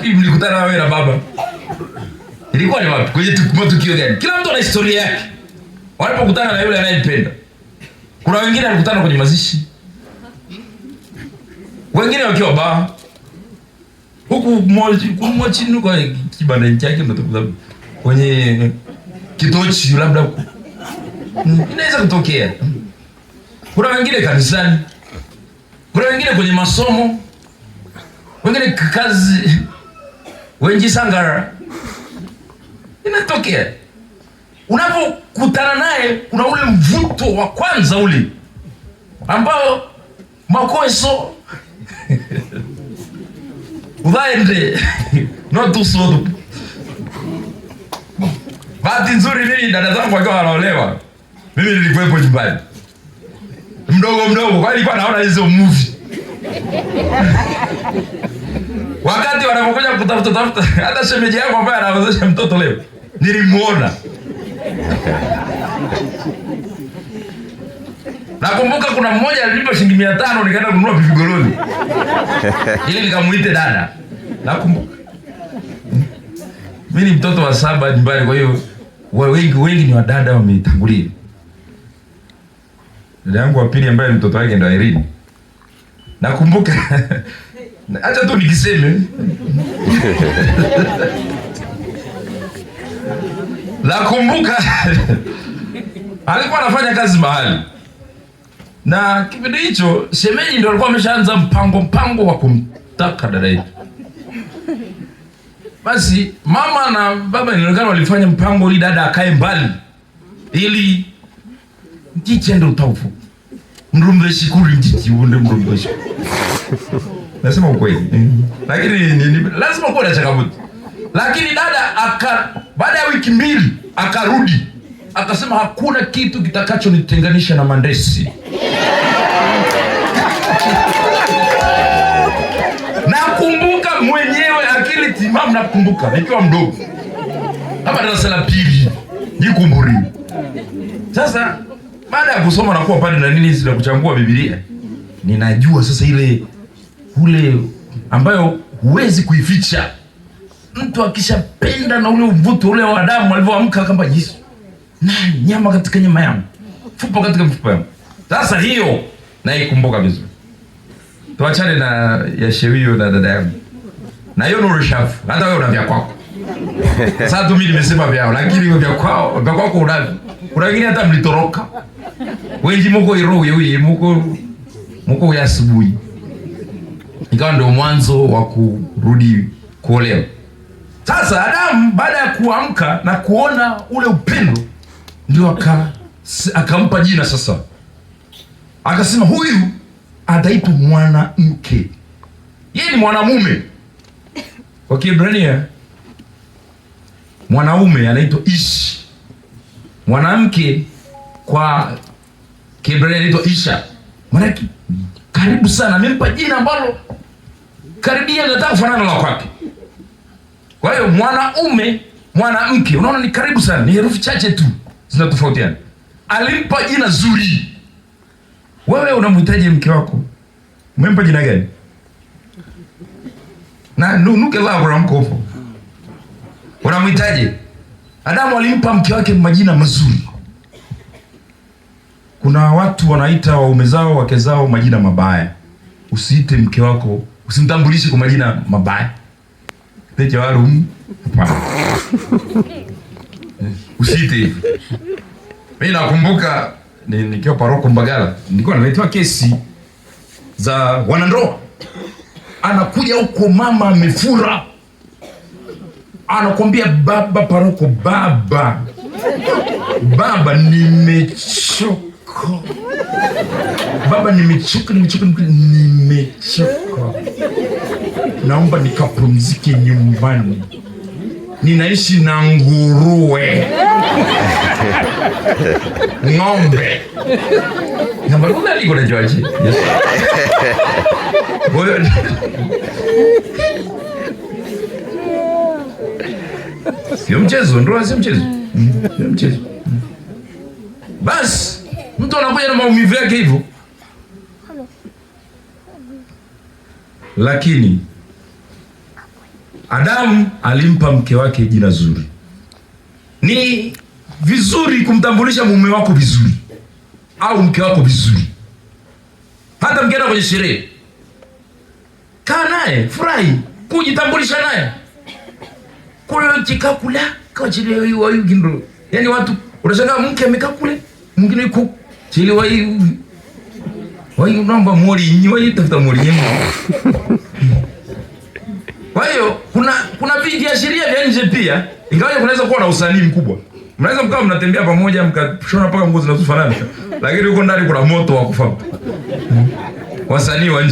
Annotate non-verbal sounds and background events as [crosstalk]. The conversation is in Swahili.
wapi mlikutana wewe na baba? Ilikuwa ni wapi? Kwenye tukio gani? Kila mtu ana historia yake. Walipokutana na yule anayempenda. Kuna wengine walikutana kwenye mazishi. Wengine wakiwa baa. Huku mmoja kumwa chini kwa eh, kibanda chake mtakuta kwenye kitochi labda. Hmm, inaweza kutokea. Kuna wengine kanisani. Kuna wengine kwenye masomo. Wengine kazi wenji sangara inatokea, unapokutana naye kuna ule mvuto wa kwanza ule ambao makoso uvaende notusudu. Bahati nzuri mimi dada zangu wakiwa wanaolewa, mimi nilikuwepo nyumbani mdogo mdogo, kwa nilikuwa naona hizo movie Wakati wanapokuja kutafuta tafuta, hata shemeji yako ambaye anawezesha mtoto leo nilimuona. Nakumbuka kuna mmoja alinipa shilingi mia tano nikaenda kununua vivigoloni ili nikamuite dada. Nakumbuka mimi ni mtoto wa saba nyumbani, kwa hiyo wengi wengi ni wadada wametangulia. Dada yangu wa pili ambaye mtoto wake ndo Irene Nakumbuka hata tu nikiseme nakumbuka alikuwa anafanya kazi mahali, na kipindi hicho semeji ndio alikuwa ameshaanza mpango mpango wa kumtaka dada yetu. Basi mama na baba nilionekana walifanya mpango ili dada akae mbali, ili jichendo utaufu mrumbeshi kuri mjiti mrumbe mrumbeshi. Nasema ukweli. Lakini nini lazima kuwe na changamoto. Lakini dada aka baada ya wiki mbili akarudi akasema hakuna kitu kitakachonitenganisha na Mandesi. Nakumbuka mwenyewe akili timamu, nakumbuka nikiwa mdogo. Kama darasa la pili, nikumburi. Sasa baada ya kusoma na kuwa padri na nini na kuchambua Biblia, ninajua sasa ile ule ambayo huwezi kuificha. Mtu akishapenda na ule uvuto ule wa damu alivyoamka kama Yesu, na nyama katika nyama yangu, fupa katika mfupa yangu. Sasa hiyo naikumbuka vizuri. Tuachane na ya shewio na dada yangu. Na hiyo ni reshafu. Hata wewe una vya kwako. Sasa tu mimi nimesema vyao, lakini wewe vya kwao, vya kwako unavyo. Unakini hata mlitoroka. Wengi muko iroho yeye muko muko ya asubuhi. Ikawa ndio mwanzo wa kurudi kuolewa. Sasa Adamu baada ya kuamka na kuona ule upendo ndio aka akampa jina sasa. Akasema huyu ataitwa mwanamke. Yeye ni mwanamume. Kwa Kiebrania mwanaume anaitwa Ish mwanamke kwa Kiebrania anaitwa Isha, mwanamke karibu sana, amempa jina ambalo karibia nataka kufanana la kwake. Kwa hiyo mwanaume, mwanamke, unaona ni karibu sana, ni herufi chache tu zinatofautiana. Alimpa jina zuri. Wewe unamhitaji mke wako, umempa jina gani? na nuke la Abraham kopo unamhitaji Adamu alimpa mke wake majina mazuri. Kuna watu wanaita waume zao wake zao majina mabaya. Usiite mke wako, usimtambulishe kwa majina mabaya. Teja walum. Hapana. Usiite Mimi nakumbuka nikiwa paroko Mbagala, nilikuwa naletewa kesi za wanandoa. Anakuja huko mama amefura anakwambia baba paroko, baba baba, nimechoka baba, nimechoka, nimechoka, nimechoka, naomba nikapumzike nyumbani, ninaishi na nguruwe ng'ombe nambarunaliko najuaji [laughs] Sio mchezo, ndoa sio mchezo. Sio hmm? mchezo. Hmm. Basi mtu anakuja na maumivu yake hivyo, lakini Adamu alimpa mke wake jina zuri. Ni vizuri kumtambulisha mume wako vizuri au mke wako vizuri, hata mkienda kwenye sherehe, kaa naye, furahi, kujitambulisha naye kule jika kula kwa jili wa yu gimbro. Yani watu unashangaa mke amekaa kule mwingine yuko chile wa yu wa yu namba mori wa yu tafuta mori yenu. Kwa hiyo kuna kuna ya viashiria vya nje pia, ingawa kunaweza kuwa na usanii mkubwa. Mnaweza mkawa mnatembea pamoja mkashona mpaka nguo zinazofanana. Lakini huko ndani kuna moto wa kufa. Hmm. Wasanii wa nje